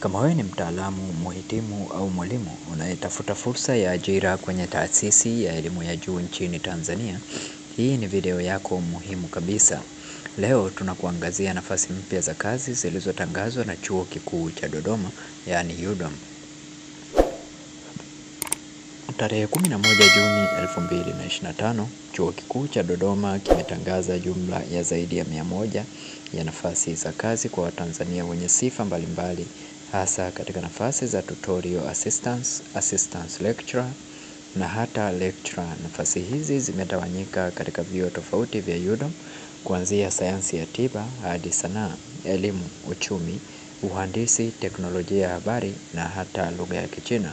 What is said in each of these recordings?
Kama wewe ni mtaalamu, muhitimu au mwalimu unayetafuta fursa ya ajira kwenye taasisi ya elimu ya juu nchini Tanzania, hii ni video yako muhimu kabisa. Leo tunakuangazia nafasi mpya za kazi zilizotangazwa na Chuo Kikuu cha Dodoma, yaani UDOM. Tarehe 11 Juni 2025, Chuo Kikuu cha Dodoma kimetangaza jumla ya zaidi ya 100 ya nafasi za kazi kwa Watanzania wenye sifa mbalimbali hasa katika nafasi za tutorial assistance, assistance lecturer na hata lecturer. Nafasi hizi zimetawanyika katika vyuo tofauti vya UDOM kuanzia sayansi ya tiba hadi sanaa, elimu, uchumi, uhandisi, teknolojia ya habari na hata lugha ya Kichina.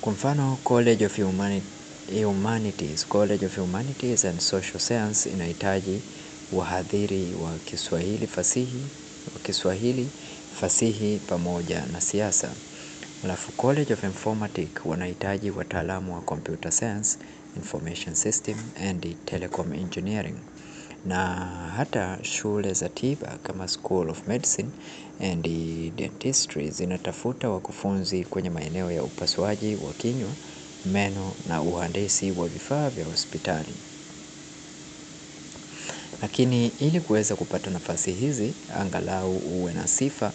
Kwa mfano, College of Humanities, College of Humanities and Social Science inahitaji wahadhiri wa Kiswahili fasihi Kiswahili, fasihi pamoja na siasa. Alafu College of Informatic wanahitaji wataalamu wa Computer Science, Information System and Telecom Engineering na hata shule za tiba kama School of Medicine and Dentistry zinatafuta wakufunzi kwenye maeneo ya upasuaji wa kinywa, meno na uhandisi wa vifaa vya hospitali. Lakini ili kuweza kupata nafasi hizi angalau uwe na sifa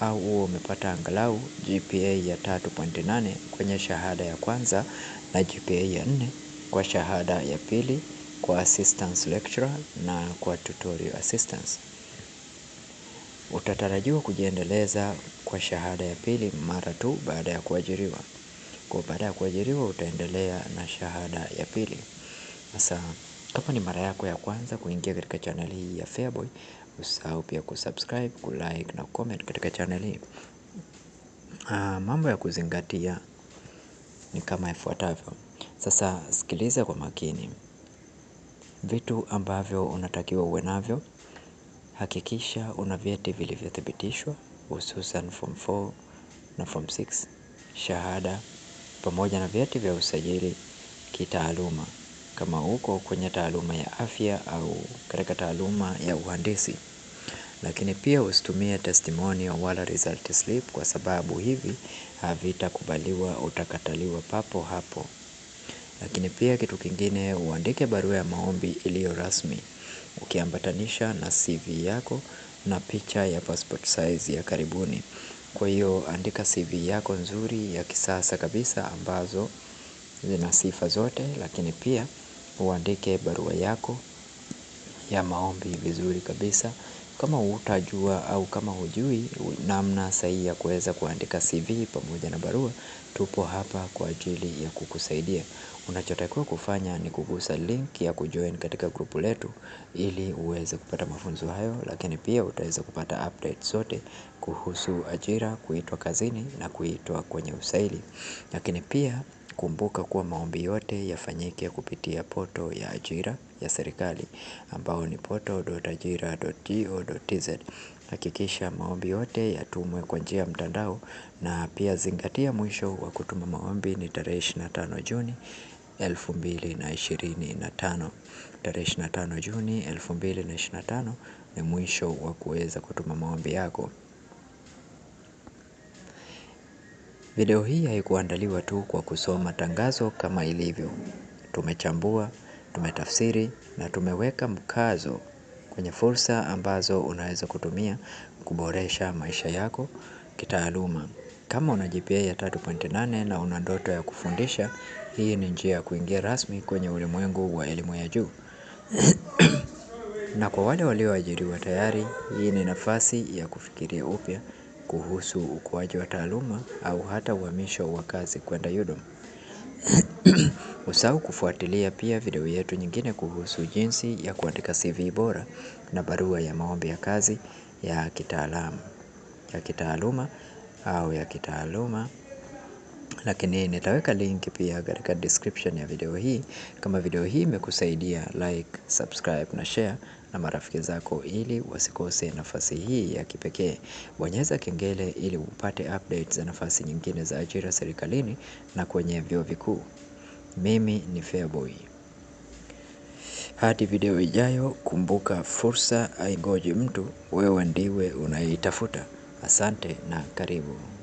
au uwe umepata angalau GPA ya 3.8 kwenye shahada ya kwanza na GPA ya 4 kwa shahada ya pili kwa assistance lecturer na kwa tutorial assistance. Utatarajiwa kujiendeleza kwa shahada ya pili mara tu baada ya kuajiriwa. Kwa baada ya kuajiriwa utaendelea na shahada ya pili. Asante. Kama ni mara yako ya kwanza kuingia katika channel hii ya Fairboy, usahau pia kusubscribe, kulike na comment katika channel hii. Uh, mambo ya kuzingatia ni kama ifuatavyo. Sasa sikiliza kwa makini. Vitu ambavyo unatakiwa uwe navyo, hakikisha una vyeti vilivyothibitishwa hususan form 4 na form 6, shahada pamoja na vyeti vya usajili kitaaluma kama uko kwenye taaluma ya afya au katika taaluma ya uhandisi. Lakini pia usitumie testimonial wala result slip kwa sababu hivi havitakubaliwa utakataliwa papo hapo. Lakini pia kitu kingine uandike barua ya maombi iliyo rasmi ukiambatanisha na CV yako na picha ya passport size ya karibuni. Kwa hiyo andika CV yako nzuri ya kisasa kabisa ambazo zina sifa zote lakini pia uandike barua yako ya maombi vizuri kabisa. Kama hutajua au kama hujui namna sahihi ya kuweza kuandika CV pamoja na barua, tupo hapa kwa ajili ya kukusaidia. Unachotakiwa kufanya ni kugusa link ya kujoin katika grupu letu ili uweze kupata mafunzo hayo lakini pia utaweza kupata updates zote kuhusu ajira, kuitwa kazini na kuitwa kwenye usaili. Lakini pia Kumbuka kuwa maombi yote yafanyike kupitia poto ya ajira ya serikali ambao ni poto.ajira.go.tz Hakikisha maombi yote yatumwe kwa njia ya mtandao na pia zingatia mwisho wa kutuma maombi ni tarehe 25 Juni 2025 Tarehe 25 Juni 2025 ni mwisho wa kuweza kutuma maombi yako. Video hii haikuandaliwa tu kwa kusoma tangazo kama ilivyo. Tumechambua, tumetafsiri na tumeweka mkazo kwenye fursa ambazo unaweza kutumia kuboresha maisha yako kitaaluma. Kama una GPA ya 3.8 na una ndoto ya kufundisha, hii ni njia ya kuingia rasmi kwenye ulimwengu wa elimu ya juu. Na kwa wale walioajiriwa tayari, hii ni nafasi ya kufikiria upya kuhusu ukuaji wa taaluma au hata uhamisho wa kazi kwenda Udemy. Usahau kufuatilia pia video yetu nyingine kuhusu jinsi ya kuandika CV bora na barua ya maombi ya kazi ya kitaalamu, ya kitaaluma au ya kitaaluma lakini nitaweka linki pia katika description ya video hii. Kama video hii imekusaidia, like, subscribe na share na marafiki zako, ili wasikose nafasi hii ya kipekee. Bonyeza kengele ili upate updates za nafasi nyingine za ajira serikalini na kwenye vyuo vikuu. Mimi ni Fairboy Hadi video ijayo, kumbuka, fursa haingoji mtu, wewe ndiwe unayeitafuta. Asante na karibu.